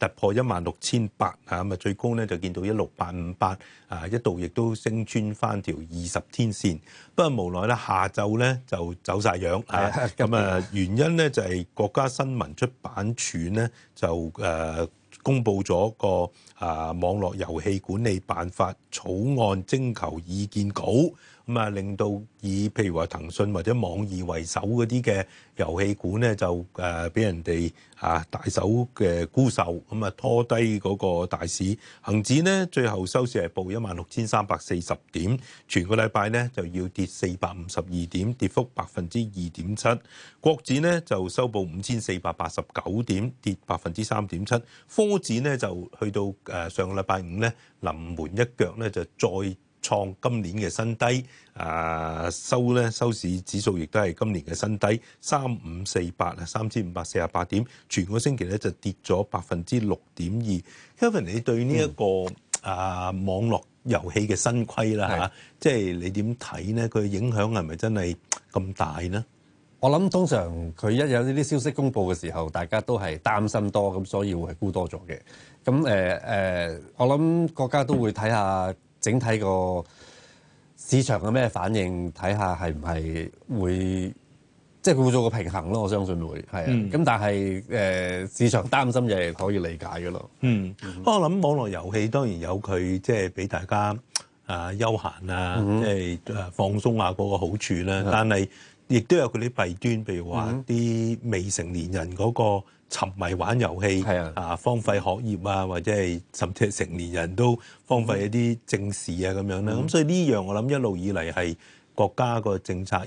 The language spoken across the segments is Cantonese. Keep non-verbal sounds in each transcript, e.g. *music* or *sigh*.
突破一萬六千八啊，咁啊最高咧就見到一六八五八啊，一度亦都升穿翻條二十天線，不過無奈咧下晝咧就走晒樣啊，咁啊原因咧就係國家新聞出版署咧就、呃公布咗個啊網絡遊戲管理辦法草案徵求意見稿，咁啊令到以譬如話騰訊或者網易為首嗰啲嘅遊戲股呢，就誒俾人哋啊大手嘅沽售，咁啊拖低嗰個大市。恒指呢，最後收市係報一萬六千三百四十點，全個禮拜呢就要跌四百五十二點，跌幅百分之二點七。國指呢就收報五千四百八十九點，跌百分之三點七。波子咧就去到誒上個禮拜五咧臨門一腳咧就再創今年嘅新低，啊收咧收市指數亦都係今年嘅新低三五四八，啊三千五百四十八點，全個星期咧就跌咗百分之六點二。Kevin，你對呢一個啊網絡遊戲嘅新規啦嚇，即係你點睇咧？佢嘅影響係咪真係咁大咧？我諗通常佢一有呢啲消息公布嘅時候，大家都係擔心多，咁所以會係沽多咗嘅。咁誒誒，我諗國家都會睇下整體個市場嘅咩反應，睇下係唔係會即係佢會做個平衡咯。我相信會係啊。咁、嗯、但係誒、呃、市場擔心嘅嘢可以理解嘅咯。嗯，嗯我諗網絡遊戲當然有佢即係俾大家啊休閒啊，即係誒放鬆下嗰個好處啦。嗯、但係亦都有佢啲弊端，譬如話啲未成年人嗰個沉迷玩遊戲，嗯、啊荒廢學業啊，或者係甚至係成年人都荒廢一啲正事啊咁樣啦。咁、嗯、所以呢樣我諗一路以嚟係國家個政策要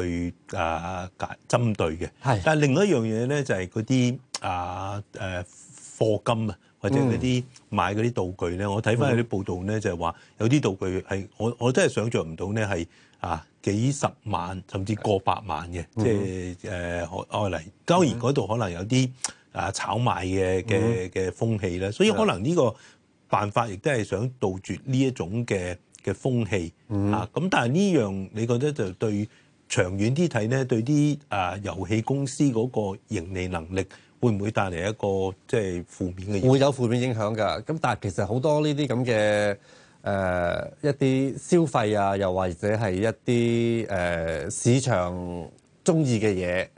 去啊揀針對嘅。係，但係另外一樣嘢咧就係嗰啲啊誒課金啊。或者嗰啲買嗰啲道具咧、嗯，我睇翻有啲報道咧，就係、是、話有啲道具係我我真係想像唔到咧，係啊幾十萬甚至過百萬嘅，即係誒愛嚟交易嗰度可能有啲啊炒賣嘅嘅嘅風氣咧，所以可能呢個辦法亦都係想杜絕呢一種嘅嘅風氣、嗯、啊。咁但係呢樣你覺得就對長遠啲睇咧，對啲啊遊戲公司嗰個盈利能力？會唔會帶嚟一個即係負面嘅影響？會有負面影響㗎。咁但係其實好多呢啲咁嘅誒一啲消費啊，又或者係一啲誒、呃、市場中意嘅嘢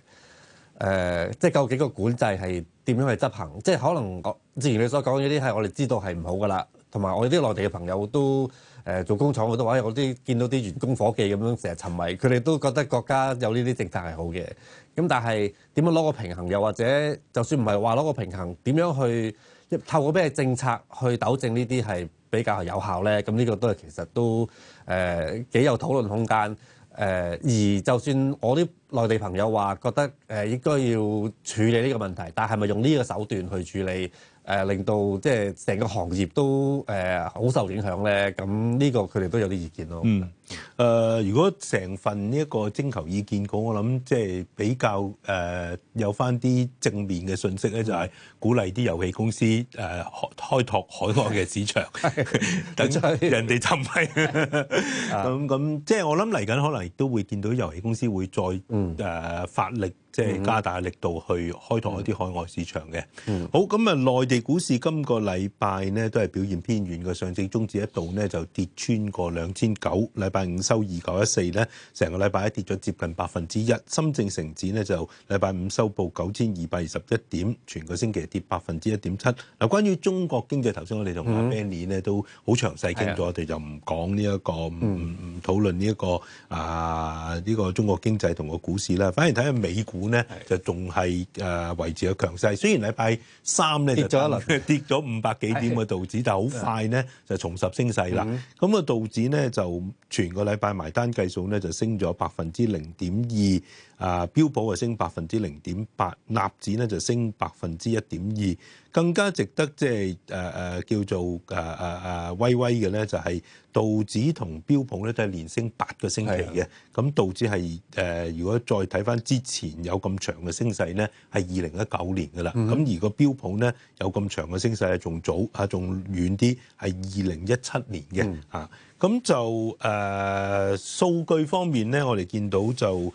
誒，即係究竟個管制係點樣去執行？即係可能我之前你所講呢啲係我哋知道係唔好㗎啦。同埋我哋啲內地嘅朋友都誒、呃、做工廠好多，我啲見到啲員工伙計咁樣成日沉迷，佢哋都覺得國家有呢啲政策係好嘅。咁但係點樣攞個平衡？又或者就算唔係話攞個平衡，點樣去透過咩政策去糾正呢啲係比較有效咧？咁呢個都係其實都誒、呃、幾有討論空間誒、呃。而就算我啲內地朋友話覺得誒應該要處理呢個問題，但係咪用呢個手段去處理誒令到即係成個行業都誒好受影響咧？咁呢個佢哋都有啲意見咯。嗯，誒、呃、如果成份呢一個徵求意見稿，我諗即係比較誒、呃、有翻啲正面嘅信息咧，就係、是、鼓勵啲遊戲公司誒、呃、開拓海外嘅市場， *laughs* 等人哋就唔係。咁咁即係我諗嚟緊可能亦都會見到遊戲公司會再。誒、嗯、法律即係加大力度去開拓一啲海外市場嘅。好咁啊，內地股市今個禮拜呢都係表現偏軟嘅，上證綜指一度呢就跌穿過兩千九，禮拜五收二九一四咧，成個禮拜一跌咗接近百分之一。深證成指呢就禮拜五收報九千二百二十一點，全個星期跌百分之一點七。嗱，關於中國經濟，頭先我哋同阿 Benny 咧都好詳細傾咗，我哋就唔講呢一個，唔唔討論呢、這、一個啊呢、這個中國經濟同個股市啦，反而睇下美股。呢就仲係維持咗強勢，雖然禮拜三咧跌咗一輪，跌咗五百幾點嘅道指，但好快呢就重拾升勢啦。咁啊，道指呢，就全個禮拜埋單計數呢，就升咗百分之零點二，啊標普啊升百分之零點八，納指呢就升百分之一點二。更加值得即係誒誒叫做誒誒誒微微嘅咧，就係、是、道指同標普咧都係連升八個星期嘅。咁道指係誒、呃，如果再睇翻之前有咁長嘅升勢咧，係二零一九年噶啦。咁、嗯、而個標普咧有咁長嘅升勢，仲早、嗯、啊，仲遠啲，係二零一七年嘅嚇。咁就誒數據方面咧，我哋見到就誒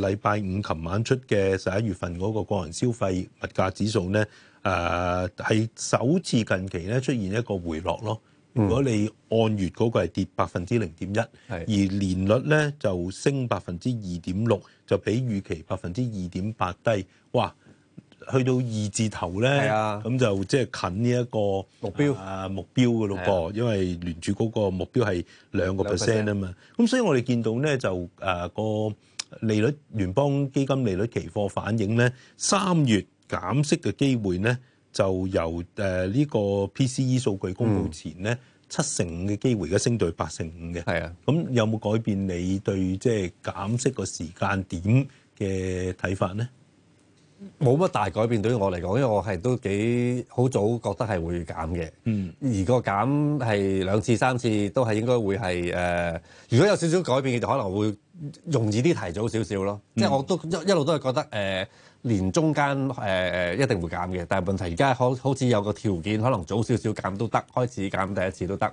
禮拜五琴晚出嘅十一月份嗰個個人消費物價指數咧。誒、啊、係首次近期咧出現一個回落咯。如果你按月嗰個係跌百分之零點一，而年率咧就升百分之二點六，就比預期百分之二點八低。哇，去到二字頭咧，咁、啊、就即係近呢、這、一、個啊啊、個目標啊目標嘅咯噃，因為聯儲嗰個目標係兩個 percent 啊嘛。咁所以我哋見到咧就誒、啊嗰個利率聯邦基金利率期貨反映咧三月。減息嘅機會咧，就由誒呢、呃呢個 PCE 數據公布前咧、嗯、七成五嘅機會，而家升到去八成五嘅。係啊，咁有冇改變你對即係減息個時間點嘅睇法咧？冇乜大改變對於我嚟講，因為我係都幾好早覺得係會減嘅、嗯，而個減係兩次三次都係應該會係誒、呃。如果有少少改變，就可能會容易啲提早少少咯。嗯、即係我都一一路都係覺得誒年、呃、中間誒、呃、一定會減嘅。但係問題而家好好似有個條件，可能早少少減都得，開始減第一次都得。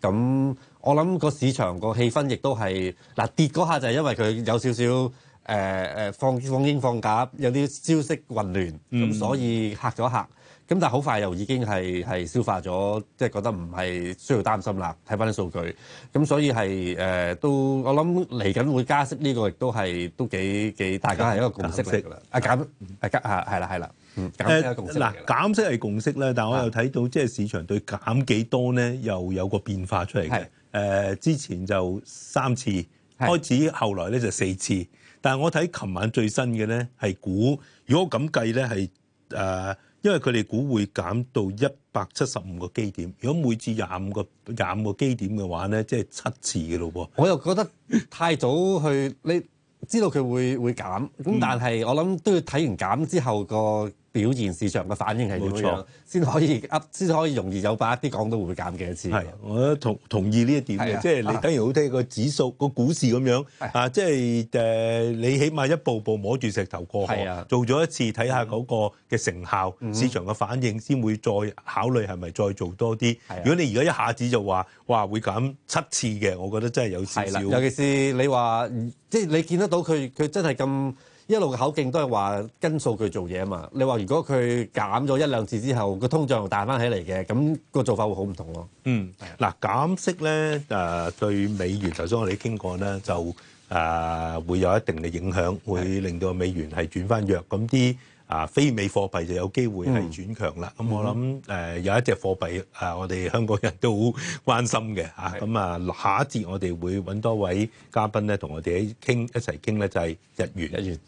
咁、嗯、我諗個市場個氣氛亦都係嗱跌嗰下就係因為佢有少少。誒誒放放鷹放鴿，有啲消息混亂，咁所以嚇咗嚇。咁但係好快又已經係係消化咗，即係覺得唔係需要擔心啦。睇翻啲數據，咁所以係誒都我諗嚟緊會加息呢個亦都係都幾幾大家係一個共識㗎啦。啊減啊加啊，係啦係啦，減有共識。嗱減息係共識咧，但我又睇到即係市場對減幾多咧又有個變化出嚟嘅。誒之前就三次。開始後來咧就是四次，但係我睇琴晚最新嘅咧係估。如果咁計咧係誒，因為佢哋估會減到一百七十五個基點，如果每次廿五個廿五個基點嘅話咧，即係七次嘅咯喎。我又覺得太早去， *laughs* 你知道佢會會減，但係我諗都要睇完減之後、那個。表現市場嘅反應，係冇錯，先可以先可以容易有把握啲，講到會減幾多次。係，我同同意呢一點嘅，即係、啊就是、你等於好睇個指數、個股市咁樣啊，即係誒，就是 uh, 你起碼一步步摸住石頭過河，啊、做咗一次睇下嗰個嘅成效、嗯、市場嘅反應，先會再考慮係咪再做多啲、啊。如果你而家一下子就話哇會減七次嘅，我覺得真係有少少、啊。尤其是你話即係你見得到佢，佢真係咁。一路嘅口徑都係話跟數據做嘢啊嘛，你話如果佢減咗一兩次之後個通脹又大翻起嚟嘅，咁個做法會好唔同咯。嗯，嗱減息咧誒對美元，頭先我哋傾過咧就誒會有一定嘅影響，會令到美元係轉翻弱，咁啲啊非美貨幣就有機會係轉強啦。咁我諗誒有一隻貨幣誒我哋香港人都好關心嘅嚇，咁啊下一節我哋會揾多位嘉賓咧同我哋喺傾一齊傾咧就係日元。